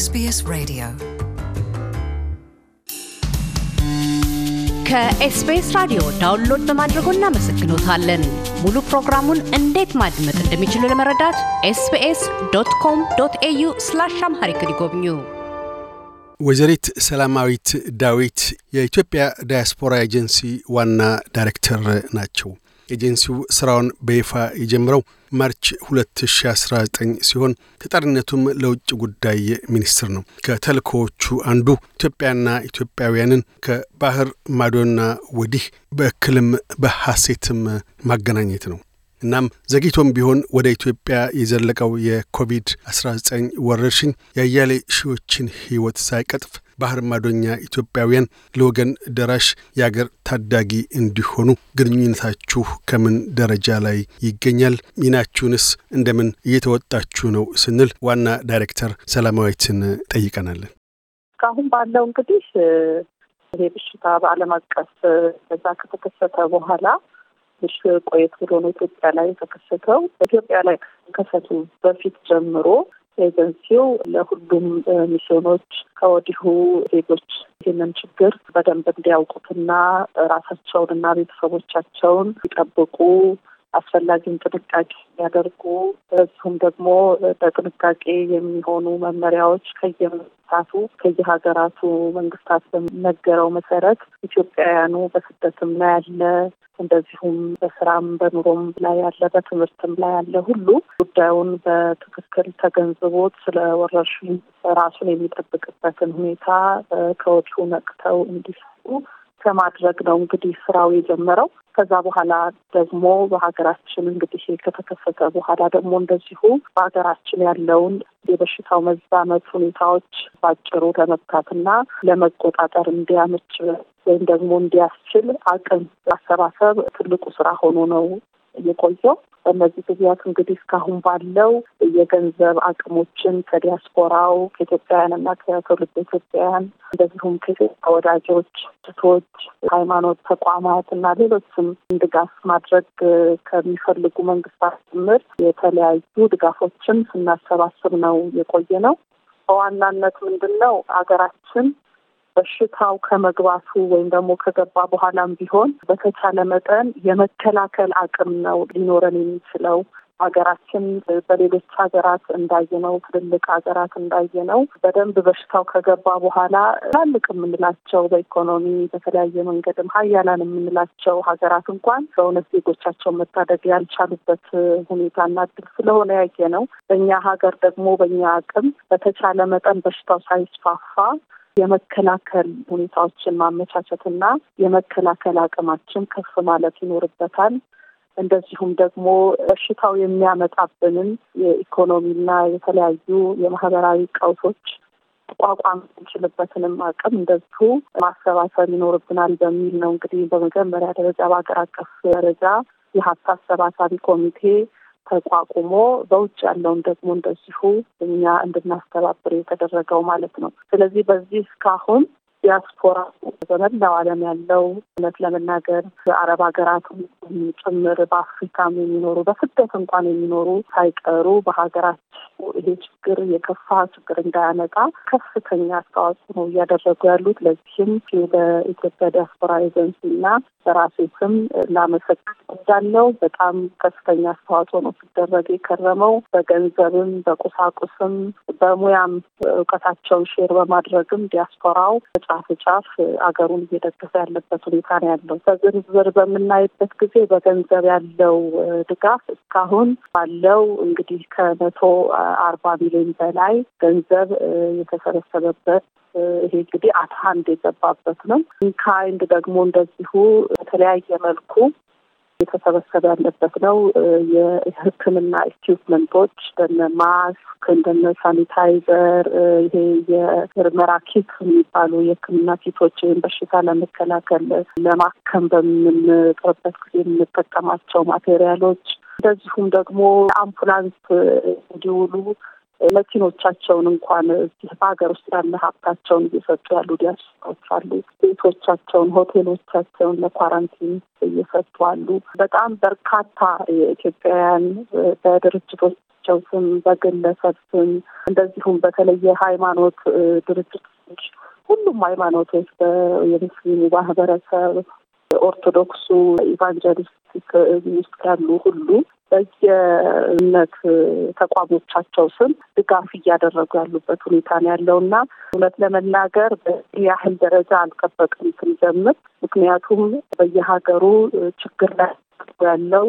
ኤስቢኤስ Radio. ከኤስቢኤስ ራዲዮ ዳውንሎድ በማድረጎ እናመሰግኖታለን። ሙሉ ፕሮግራሙን እንዴት ማድመጥ እንደሚችሉ ለመረዳት ኤስቢኤስ ዶት ኮም ዶት ኤዩ ስላሽ አምሃሪክ ይጎብኙ። ወይዘሪት ሰላማዊት ዳዊት የኢትዮጵያ ዳያስፖራ ኤጀንሲ ዋና ዳይሬክተር ናቸው። ኤጀንሲው ስራውን በይፋ የጀምረው ማርች 2019 ሲሆን ተጠሪነቱም ለውጭ ጉዳይ ሚኒስትር ነው። ከተልእኮዎቹ አንዱ ኢትዮጵያና ኢትዮጵያውያንን ከባህር ማዶና ወዲህ በእክልም በሐሴትም ማገናኘት ነው። እናም ዘግይቶም ቢሆን ወደ ኢትዮጵያ የዘለቀው የኮቪድ-19 ወረርሽኝ የአያሌ ሺዎችን ሕይወት ሳይቀጥፍ ባህር ማዶኛ ኢትዮጵያውያን ለወገን ደራሽ የአገር ታዳጊ እንዲሆኑ ግንኙነታችሁ ከምን ደረጃ ላይ ይገኛል? ሚናችሁንስ እንደምን እየተወጣችሁ ነው? ስንል ዋና ዳይሬክተር ሰላማዊትን ጠይቀናለን። እስካሁን ባለው እንግዲህ ይሄ በሽታ በዓለም አቀፍ በዛ ከተከሰተ በኋላ ትንሽ ቆየት ብሎ ነው ኢትዮጵያ ላይ የተከሰተው። ኢትዮጵያ ላይ ከሰቱ በፊት ጀምሮ ኤጀንሲው ለሁሉም ሚስዮኖች ከወዲሁ ዜጎች ይህንን ችግር በደንብ እንዲያውቁትና ራሳቸውንና ቤተሰቦቻቸውን ሊጠብቁ አስፈላጊውን ጥንቃቄ የሚያደርጉ እሱም ደግሞ በጥንቃቄ የሚሆኑ መመሪያዎች ከየመንግስታቱ ከየሀገራቱ መንግስታት በሚነገረው መሰረት ኢትዮጵያውያኑ በስደትም ላይ ያለ እንደዚሁም በስራም በኑሮም ላይ ያለ በትምህርትም ላይ ያለ ሁሉ ጉዳዩን በትክክል ተገንዝቦት ስለ ወረርሽኝ ራሱን የሚጠብቅበትን ሁኔታ ከወዲሁ ነቅተው እንዲሰሩ ከማድረግ ነው እንግዲህ ስራው የጀመረው። ከዛ በኋላ ደግሞ በሀገራችን እንግዲህ ከተከፈተ በኋላ ደግሞ እንደዚሁ በሀገራችን ያለውን የበሽታው መዛመት ሁኔታዎች ባጭሩ ለመግታትና ለመቆጣጠር እንዲያመች ወይም ደግሞ እንዲያስችል አቅም ማሰባሰብ ትልቁ ስራ ሆኖ ነው የቆየው። በእነዚህ ጊዜያት እንግዲህ እስካሁን ባለው የገንዘብ አቅሞችን ከዲያስፖራው ከኢትዮጵያውያን እና ከትውልድ ኢትዮጵያውያን እንደዚሁም ከኢትዮጵያ ወዳጆች፣ ስቶች፣ ሃይማኖት ተቋማት እና ሌሎችም ድጋፍ ማድረግ ከሚፈልጉ መንግስታት ጭምር የተለያዩ ድጋፎችን ስናሰባስብ ነው የቆየ ነው። በዋናነት ምንድን ነው ሀገራችን በሽታው ከመግባቱ ወይም ደግሞ ከገባ በኋላም ቢሆን በተቻለ መጠን የመከላከል አቅም ነው ሊኖረን የሚችለው። ሀገራችን በሌሎች ሀገራት እንዳየነው ትልልቅ ሀገራት እንዳየነው በደንብ በሽታው ከገባ በኋላ ትላልቅ የምንላቸው በኢኮኖሚ በተለያየ መንገድም ሀያላን የምንላቸው ሀገራት እንኳን በእውነት ዜጎቻቸውን መታደግ ያልቻሉበት ሁኔታና እድል ስለሆነ ያየ ነው። በእኛ ሀገር ደግሞ በእኛ አቅም በተቻለ መጠን በሽታው ሳይስፋፋ የመከላከል ሁኔታዎችን ማመቻቸትና የመከላከል አቅማችን ከፍ ማለት ይኖርበታል። እንደዚሁም ደግሞ በሽታው የሚያመጣብንን የኢኮኖሚና የተለያዩ የማህበራዊ ቀውሶች ቋቋም እንችልበትንም አቅም እንደዚሁ ማሰባሰብ ይኖርብናል በሚል ነው እንግዲህ በመጀመሪያ ደረጃ በሀገር አቀፍ ደረጃ የሀሳብ ሰባሳቢ ኮሚቴ ተቋቁሞ በውጭ ያለውን ደግሞ እንደዚሁ እኛ እንድናስተባብር የተደረገው ማለት ነው። ስለዚህ በዚህ እስካሁን ዲያስፖራ በመላው ዓለም ያለው እውነት ለመናገር አረብ ሀገራቱን ጭምር በአፍሪካም የሚኖሩ በስደት እንኳን የሚኖሩ ሳይቀሩ በሀገራቸው ይሄ ችግር የከፋ ችግር እንዳያመጣ ከፍተኛ አስተዋጽኦ ነው እያደረጉ ያሉት። ለዚህም በኢትዮጵያ ዲያስፖራ ኤጀንሲ እና በራሴ ስም ላመሰግን እወዳለሁ። በጣም ከፍተኛ አስተዋጽኦ ነው ሲደረግ የከረመው በገንዘብም፣ በቁሳቁስም፣ በሙያም እውቀታቸውን ሼር በማድረግም ዲያስፖራው ጫፍ ጫፍ አገሩን እየደገፈ ያለበት ሁኔታ ነው ያለው። በዝርዝር በምናይበት ጊዜ በገንዘብ ያለው ድጋፍ እስካሁን ባለው እንግዲህ ከመቶ አርባ ሚሊዮን በላይ ገንዘብ የተሰበሰበበት ይሄ እንግዲህ አት ሀንድ የገባበት ነው። ካይንድ ደግሞ እንደዚሁ በተለያየ መልኩ የተሰበሰበ ያለበት ነው። የሕክምና ኢኩፕመንቶች እንደነ ማስክ፣ እንደነ ሳኒታይዘር፣ ይሄ የምርመራ ኪት የሚባሉ የሕክምና ኪቶች ወይም በሽታ ለመከላከል ለማከም በምንጥርበት ጊዜ የምንጠቀማቸው ማቴሪያሎች እንደዚሁም ደግሞ አምቡላንስ እንዲውሉ መኪኖቻቸውን እንኳን በሀገር ውስጥ ያለ ሀብታቸውን እየሰጡ ያሉ ዲያስፖራዎች አሉ። ቤቶቻቸውን፣ ሆቴሎቻቸውን ለኳራንቲን እየሰጡ አሉ። በጣም በርካታ የኢትዮጵያውያን በድርጅቶቻቸው ስም በግለሰብ ስም እንደዚሁም በተለየ ሃይማኖት ድርጅቶች ሁሉም ሃይማኖቶች የሙስሊሙ ማህበረሰብ ኦርቶዶክሱ ኢቫንጀሊስቲክ ውስጥ ያሉ ሁሉ በየእምነት ተቋሞቻቸው ስም ድጋፍ እያደረጉ ያሉበት ሁኔታ ነው ያለው እና እውነት ለመናገር በዚህ ያህል ደረጃ አልጠበቅም ስንጀምር። ምክንያቱም በየሀገሩ ችግር ላይ ያለው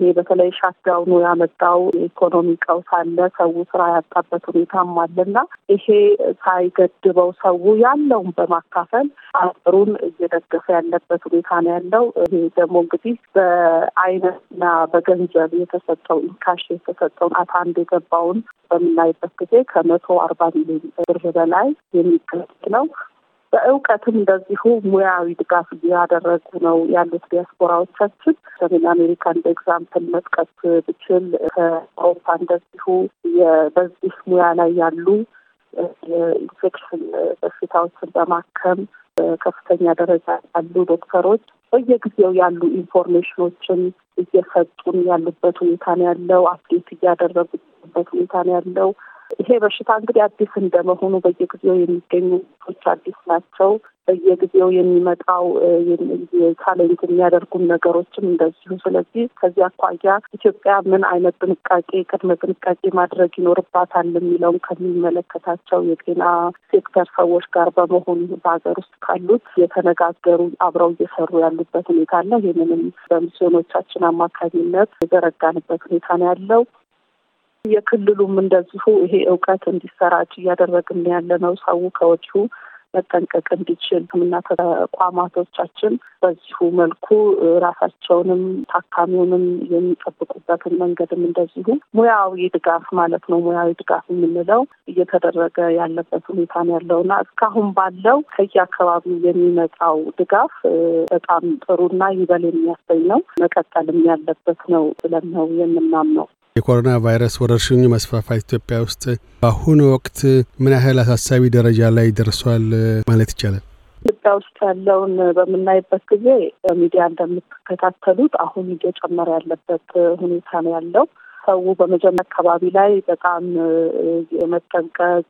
ይሄ በተለይ ሻትዳውኑ ያመጣው የኢኮኖሚ ቀውስ አለ። ሰው ስራ ያጣበት ሁኔታም አለና ይሄ ሳይገድበው ሰው ያለውን በማካፈል አገሩን እየደገፈ ያለበት ሁኔታ ነው ያለው። ይሄ ደግሞ እንግዲህ በአይነትና በገንዘብ የተሰጠው ኢንካሽ የተሰጠውን አት አንድ የገባውን በምናይበት ጊዜ ከመቶ አርባ ሚሊዮን ብር በላይ የሚገኝ ነው። በእውቀትም እንደዚሁ ሙያዊ ድጋፍ እያደረጉ ነው ያሉት ዲያስፖራዎቻችን። ሰሜን አሜሪካ እንደ ኤግዛምፕል መጥቀስ ብችል ከአውሮፓ እንደዚሁ በዚህ ሙያ ላይ ያሉ የኢንፌክሽን በሽታዎችን በማከም ከፍተኛ ደረጃ ያሉ ዶክተሮች በየጊዜው ያሉ ኢንፎርሜሽኖችን እየሰጡን ያሉበት ሁኔታ ነው ያለው። አፕዴት እያደረጉበት ሁኔታ ነው ያለው። ይሄ በሽታ እንግዲህ አዲስ እንደመሆኑ በየጊዜው የሚገኙ ች አዲስ ናቸው። በየጊዜው የሚመጣው ቻሌንጅ የሚያደርጉን ነገሮችም እንደዚሁ። ስለዚህ ከዚህ አኳያ ኢትዮጵያ ምን አይነት ጥንቃቄ ቅድመ ጥንቃቄ ማድረግ ይኖርባታል የሚለውን ከሚመለከታቸው የጤና ሴክተር ሰዎች ጋር በመሆኑ በሀገር ውስጥ ካሉት የተነጋገሩ አብረው እየሰሩ ያሉበት ሁኔታ አለ። ይህንንም በሚስዮኖቻችን አማካኝነት የዘረጋንበት ሁኔታ ነው ያለው። የክልሉም እንደዚሁ ይሄ እውቀት እንዲሰራጭ እያደረግን ነው። ሰው ከወዲሁ መጠንቀቅ እንዲችል ሕክምና ተቋማቶቻችን በዚሁ መልኩ ራሳቸውንም ታካሚውንም የሚጠብቁበትን መንገድም እንደዚሁ ሙያዊ ድጋፍ ማለት ነው ሙያዊ ድጋፍ የምንለው እየተደረገ ያለበት ሁኔታ ነው ያለውና እስካሁን ባለው ከየአካባቢው የሚመጣው ድጋፍ በጣም ጥሩና ይበል የሚያሰኝ ነው። መቀጠልም ያለበት ነው ብለን ነው የምናምነው። የኮሮና ቫይረስ ወረርሽኙ መስፋፋት ኢትዮጵያ ውስጥ በአሁኑ ወቅት ምን ያህል አሳሳቢ ደረጃ ላይ ደርሷል ማለት ይቻላል? ኢትዮጵያ ውስጥ ያለውን በምናይበት ጊዜ በሚዲያ እንደምትከታተሉት አሁን እየጨመረ ያለበት ሁኔታ ነው ያለው። ሰው በመጀመሪያ አካባቢ ላይ በጣም የመጠንቀቅ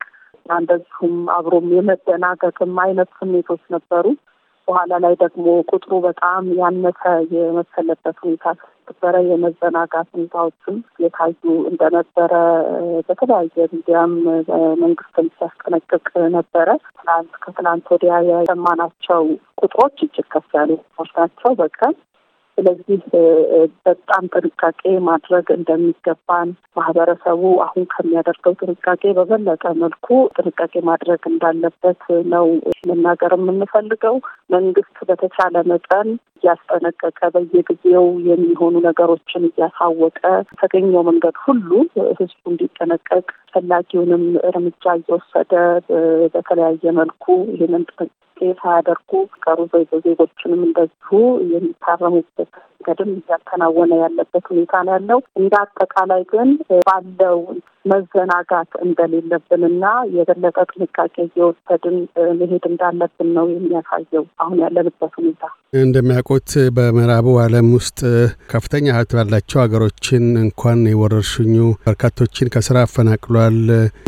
እንደዚሁም አብሮም የመደናገቅም አይነት ስሜቶች ነበሩ። በኋላ ላይ ደግሞ ቁጥሩ በጣም ያነሰ የመሰለበት ሁኔታ የነበረ የመዘናጋት ሁኔታዎችም የታዩ እንደነበረ በተለያየ ሚዲያም መንግስትም ሲያስጠነቅቅ ነበረ። ትናንት ከትናንት ወዲያ የሰማናቸው ቁጥሮች እጅግ ከፍ ያሉ ናቸው። በቀን ስለዚህ በጣም ጥንቃቄ ማድረግ እንደሚገባን ማህበረሰቡ አሁን ከሚያደርገው ጥንቃቄ በበለጠ መልኩ ጥንቃቄ ማድረግ እንዳለበት ነው መናገር የምንፈልገው። መንግስት በተቻለ መጠን እያስጠነቀቀ በየጊዜው የሚሆኑ ነገሮችን እያሳወቀ ተገኘው መንገድ ሁሉ ህዝቡ እንዲጠነቀቅ አስፈላጊውንም እርምጃ እየወሰደ በተለያየ መልኩ ይህንን ጥንቃቄ ሳያደርጉ ቀሩ ዜጎችንም እንደዚሁ የሚታረሙበት መንገድም እያከናወነ ያለበት ሁኔታ ነው ያለው። እንደ አጠቃላይ ግን ባለው መዘናጋት እንደሌለብን እና የበለጠ ጥንቃቄ እየወሰድን መሄድ እንዳለብን ነው የሚያሳየው አሁን ያለንበት ሁኔታ። እንደሚያውቁት በምዕራቡ ዓለም ውስጥ ከፍተኛ ሀብት ባላቸው ሀገሮችን እንኳን የወረርሽኙ በርካቶችን ከስራ አፈናቅሏል።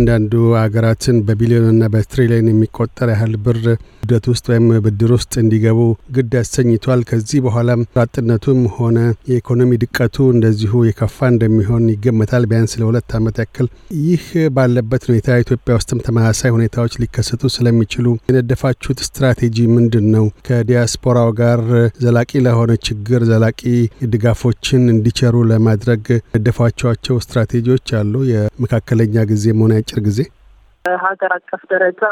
አንዳንዱ ሀገራትን በቢሊዮንና በትሪሊዮን የሚቆጠር ያህል ብር ውደት ውስጥ ወይም ብድር ውስጥ እንዲገቡ ግድ ያሰኝቷል። ከዚህ በኋላም ራጥነቱም ሆነ የኢኮኖሚ ድቀቱ እንደዚሁ የከፋ እንደሚሆን ይገመታል። ቢያንስ ለሁለት ዓመት ያክል መካከል። ይህ ባለበት ሁኔታ ኢትዮጵያ ውስጥም ተመሳሳይ ሁኔታዎች ሊከሰቱ ስለሚችሉ የነደፋችሁት ስትራቴጂ ምንድን ነው? ከዲያስፖራው ጋር ዘላቂ ለሆነ ችግር ዘላቂ ድጋፎችን እንዲቸሩ ለማድረግ ነደፋችኋቸው ስትራቴጂዎች አሉ? የመካከለኛ ጊዜ መሆን ያጭር ጊዜ በሀገር አቀፍ ደረጃ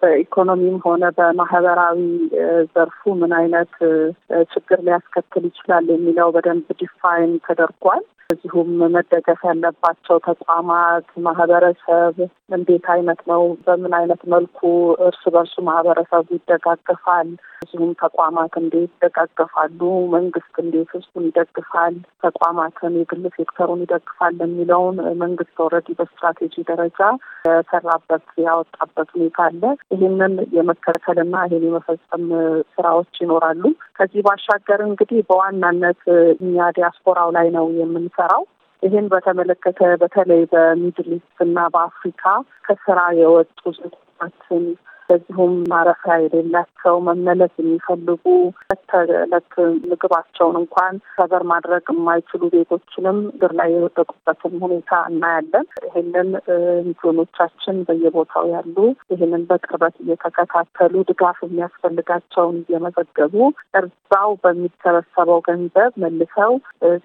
በኢኮኖሚም ሆነ በማህበራዊ ዘርፉ ምን አይነት ችግር ሊያስከትል ይችላል የሚለው በደንብ ዲፋይን ተደርጓል። እዚሁም መደገፍ ያለባቸው ተቋማት ማህበረሰብ እንዴት አይነት ነው፣ በምን አይነት መልኩ እርስ በርሱ ማህበረሰቡ ይደጋገፋል፣ እዚሁም ተቋማት እንዴት ይደጋገፋሉ፣ መንግስት እንዴት ህዝቡን ይደግፋል፣ ተቋማትን የግል ሴክተሩን ይደግፋል የሚለውን መንግስት ኦልሬዲ በስትራቴጂ ደረጃ ሰራበት ሕግ ያወጣበት ሁኔታ አለ። ይህንን የመከልከልና ይህን የመፈጸም ስራዎች ይኖራሉ። ከዚህ ባሻገር እንግዲህ በዋናነት እኛ ዲያስፖራው ላይ ነው የምንሰራው። ይህን በተመለከተ በተለይ በሚድል ኢስት እና በአፍሪካ ከስራ የወጡ ሴቶችን በዚሁም ማረፊያ የሌላቸው መመለስ የሚፈልጉ ተለት ምግባቸውን እንኳን ሰበር ማድረግ የማይችሉ ቤቶችንም እግር ላይ የወደቁበትን ሁኔታ እናያለን። ይህንን ሚሊዮኖቻችን በየቦታው ያሉ ይህንን በቅርበት እየተከታተሉ ድጋፍ የሚያስፈልጋቸውን እየመዘገቡ እዛው በሚሰበሰበው ገንዘብ መልሰው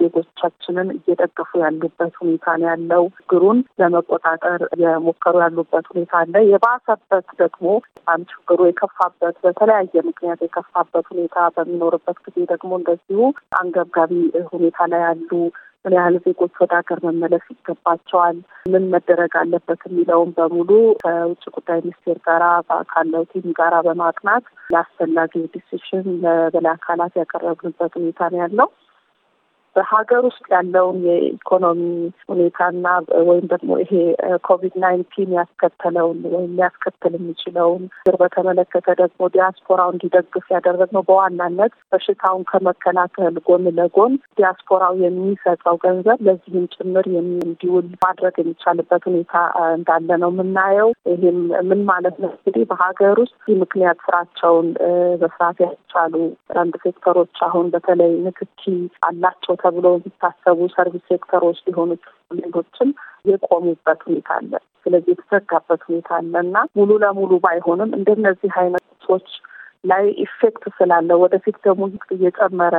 ዜጎቻችንን እየደገፉ ያሉበት ሁኔታ ነው ያለው። ችግሩን ለመቆጣጠር እየሞከሩ ያሉበት ሁኔታ አለ። የባሰበት ደግሞ አንድ ችግሩ የከፋበት በተለያየ ምክንያት የከፋበት ሁኔታ በሚኖርበት ጊዜ ደግሞ እንደዚሁ አንገብጋቢ ሁኔታ ላይ ያሉ ምን ያህል ዜጎች ወደ ሀገር መመለስ ይገባቸዋል፣ ምን መደረግ አለበት የሚለውን በሙሉ ከውጭ ጉዳይ ሚኒስቴር ጋራ ካለው ቲም ጋራ በማቅናት ለአስፈላጊ ዲሲሽን ለበላይ አካላት ያቀረብንበት ሁኔታ ነው ያለው። በሀገር ውስጥ ያለውን የኢኮኖሚ ሁኔታና ወይም ደግሞ ይሄ ኮቪድ ናይንቲን ያስከተለውን ወይም ሊያስከትል የሚችለውን ግር በተመለከተ ደግሞ ዲያስፖራው እንዲደግፍ ያደረግነው በዋናነት በሽታውን ከመከላከል ጎን ለጎን ዲያስፖራው የሚሰጠው ገንዘብ ለዚህም ጭምር እንዲውል ማድረግ የሚቻልበት ሁኔታ እንዳለ ነው የምናየው። ይህም ምን ማለት ነው እንግዲህ በሀገር ውስጥ ምክንያት ስራቸውን በስርዓት ያልቻሉ አንድ ሴክተሮች አሁን በተለይ ንክኪ አላቸው ተብለው የሚታሰቡ ሰርቪስ ሴክተሮች ሊሆኑ ሌሎችም የቆሙበት ሁኔታ አለ። ስለዚህ የተዘጋበት ሁኔታ አለ እና ሙሉ ለሙሉ ባይሆንም እንደነዚህ አይነቶች ላይ ኢፌክት ስላለ ወደፊት ደግሞ እየጨመረ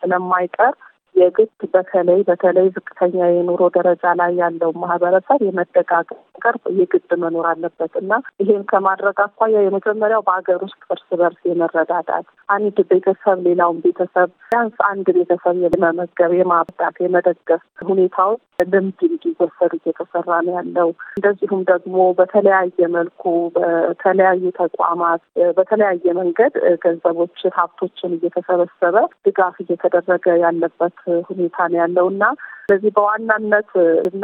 ስለማይቀር የግድ በተለይ በተለይ ዝቅተኛ የኑሮ ደረጃ ላይ ያለው ማህበረሰብ የመደጋገፍ ቅርብ የግድ መኖር አለበት እና ይሄን ከማድረግ አኳያ የመጀመሪያው በሀገር ውስጥ እርስ በርስ የመረዳዳት አንድ ቤተሰብ ሌላውን ቤተሰብ ቢያንስ አንድ ቤተሰብ የመመገብ፣ የማብዳት፣ የመደገፍ ሁኔታው ልምድ እንዲወሰዱ እየተሰራ ነው ያለው። እንደዚሁም ደግሞ በተለያየ መልኩ በተለያዩ ተቋማት በተለያየ መንገድ ገንዘቦችን፣ ሀብቶችን እየተሰበሰበ ድጋፍ እየተደረገ ያለበት ሁኔታ ነው ያለው እና ስለዚህ በዋናነት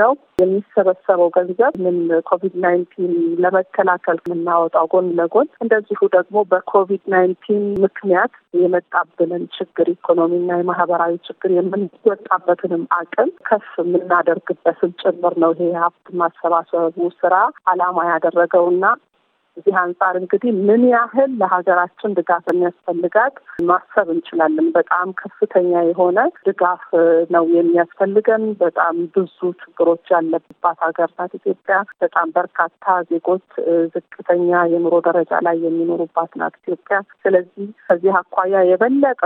ነው የሚሰበሰበው ገንዘብ ምን ኮቪድ ናይንቲን ለመከላከል የምናወጣው ጎን ለጎን እንደዚሁ ደግሞ በኮቪድ ናይንቲን ምክንያት የመጣብንን ችግር ኢኮኖሚና የማህበራዊ ችግር የምንወጣበትንም አቅም ከፍ የምናደርግበትን ጭምር ነው ይሄ ሀብት ማሰባሰቡ ስራ አላማ ያደረገውና እዚህ አንጻር እንግዲህ ምን ያህል ለሀገራችን ድጋፍ የሚያስፈልጋት ማሰብ እንችላለን። በጣም ከፍተኛ የሆነ ድጋፍ ነው የሚያስፈልገን። በጣም ብዙ ችግሮች ያለባት ሀገር ናት ኢትዮጵያ። በጣም በርካታ ዜጎች ዝቅተኛ የኑሮ ደረጃ ላይ የሚኖሩባት ናት ኢትዮጵያ። ስለዚህ ከዚህ አኳያ የበለጠ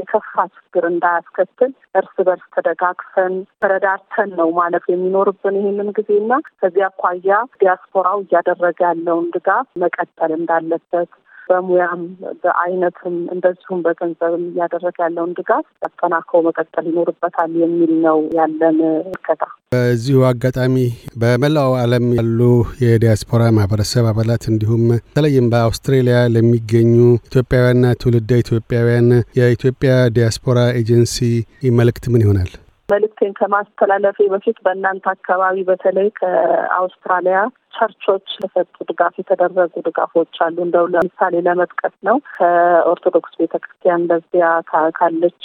የከፋ ችግር እንዳያስከትል እርስ በርስ ተደጋግፈን ተረዳርተን ነው ማለፍ የሚኖርብን ይህንን ጊዜና ከዚህ አኳያ ዲያስፖራው እያደረገ ያለውን ድጋፍ መቀጠል እንዳለበት በሙያም በአይነትም እንደዚሁም በገንዘብም እያደረገ ያለውን ድጋፍ አጠናክሮ መቀጠል ይኖርበታል የሚል ነው ያለን እርከታ። በዚሁ አጋጣሚ በመላው ዓለም ያሉ የዲያስፖራ ማህበረሰብ አባላት እንዲሁም በተለይም በአውስትሬሊያ ለሚገኙ ኢትዮጵያውያንና ትውልደ ኢትዮጵያውያን የኢትዮጵያ ዲያስፖራ ኤጀንሲ መልእክት ምን ይሆናል? መልእክቴን ከማስተላለፌ በፊት በእናንተ አካባቢ በተለይ ከአውስትራሊያ ቸርቾች ለሰጡ ድጋፍ የተደረጉ ድጋፎች አሉ። እንደው ለምሳሌ ለመጥቀስ ነው ከኦርቶዶክስ ቤተክርስቲያን በዚያ ካለች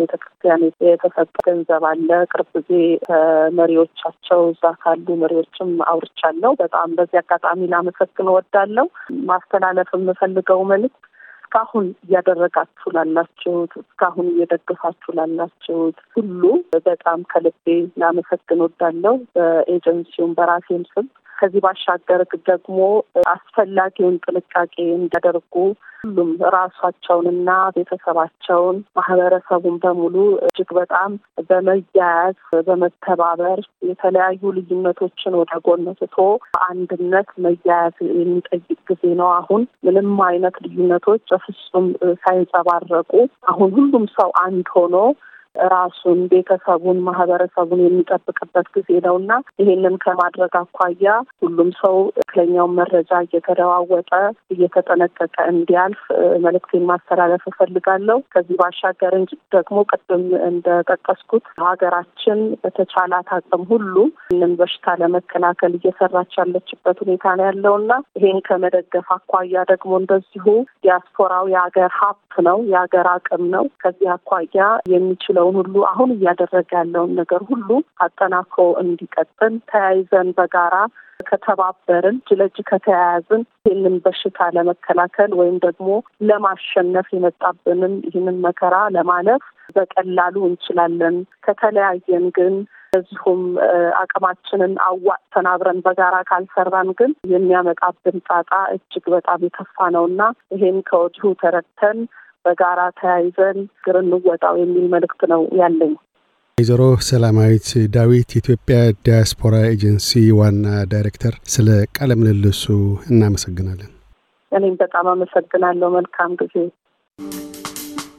ቤተክርስቲያን የተሰጠ ገንዘብ አለ። ቅርብ ጊዜ መሪዎቻቸው እዛ ካሉ መሪዎችም አውርቻለሁ። በጣም በዚህ አጋጣሚ ላመሰግን እወዳለሁ። ማስተላለፍ የምፈልገው መልእክት እስካሁን እያደረጋችሁ ላላችሁት፣ እስካሁን እየደገፋችሁ ላላችሁት ሁሉ በጣም ከልቤ ላመሰግን ወዳለው በኤጀንሲውም በራሴም ስም ከዚህ ባሻገር ደግሞ አስፈላጊውን ጥንቃቄ እንዲያደርጉ ሁሉም ራሷቸውንና ቤተሰባቸውን ማህበረሰቡን በሙሉ እጅግ በጣም በመያያዝ በመተባበር የተለያዩ ልዩነቶችን ወደ ጎን ትቶ በአንድነት መያያዝ የሚጠይቅ ጊዜ ነው። አሁን ምንም አይነት ልዩነቶች በፍጹም ሳይንጸባረቁ አሁን ሁሉም ሰው አንድ ሆኖ ራሱን ቤተሰቡን፣ ማህበረሰቡን የሚጠብቅበት ጊዜ ነው እና ይሄንን ከማድረግ አኳያ ሁሉም ሰው ትክክለኛውን መረጃ እየተለዋወጠ እየተጠነቀቀ እንዲያልፍ መልእክቴን ማስተላለፍ እፈልጋለሁ። ከዚህ ባሻገር ደግሞ ቅድም እንደጠቀስኩት ሀገራችን በተቻላት አቅም ሁሉ ይህንን በሽታ ለመከላከል እየሰራች ያለችበት ሁኔታ ነው ያለው እና ይሄን ከመደገፍ አኳያ ደግሞ እንደዚሁ ዲያስፖራው የሀገር ሀብት ነው፣ የሀገር አቅም ነው። ከዚህ አኳያ የሚችለው ያለውን ሁሉ አሁን እያደረገ ያለውን ነገር ሁሉ አጠናክሮ እንዲቀጥል ተያይዘን በጋራ ከተባበርን እጅ ለእጅ ከተያያዝን ይህንን በሽታ ለመከላከል ወይም ደግሞ ለማሸነፍ የመጣብንን ይህንን መከራ ለማለፍ በቀላሉ እንችላለን። ከተለያየን ግን እዚሁም አቅማችንን አዋጥተን አብረን በጋራ ካልሰራን ግን የሚያመጣብን ጣጣ እጅግ በጣም የከፋ ነው እና ይሄን ከወዲሁ ተረድተን በጋራ ተያይዘን ችግር እንወጣው የሚል መልእክት ነው ያለኝ። ወይዘሮ ሰላማዊት ዳዊት የኢትዮጵያ ዲያስፖራ ኤጀንሲ ዋና ዳይሬክተር፣ ስለ ቃለ ምልልሱ እናመሰግናለን። እኔም በጣም አመሰግናለሁ። መልካም ጊዜ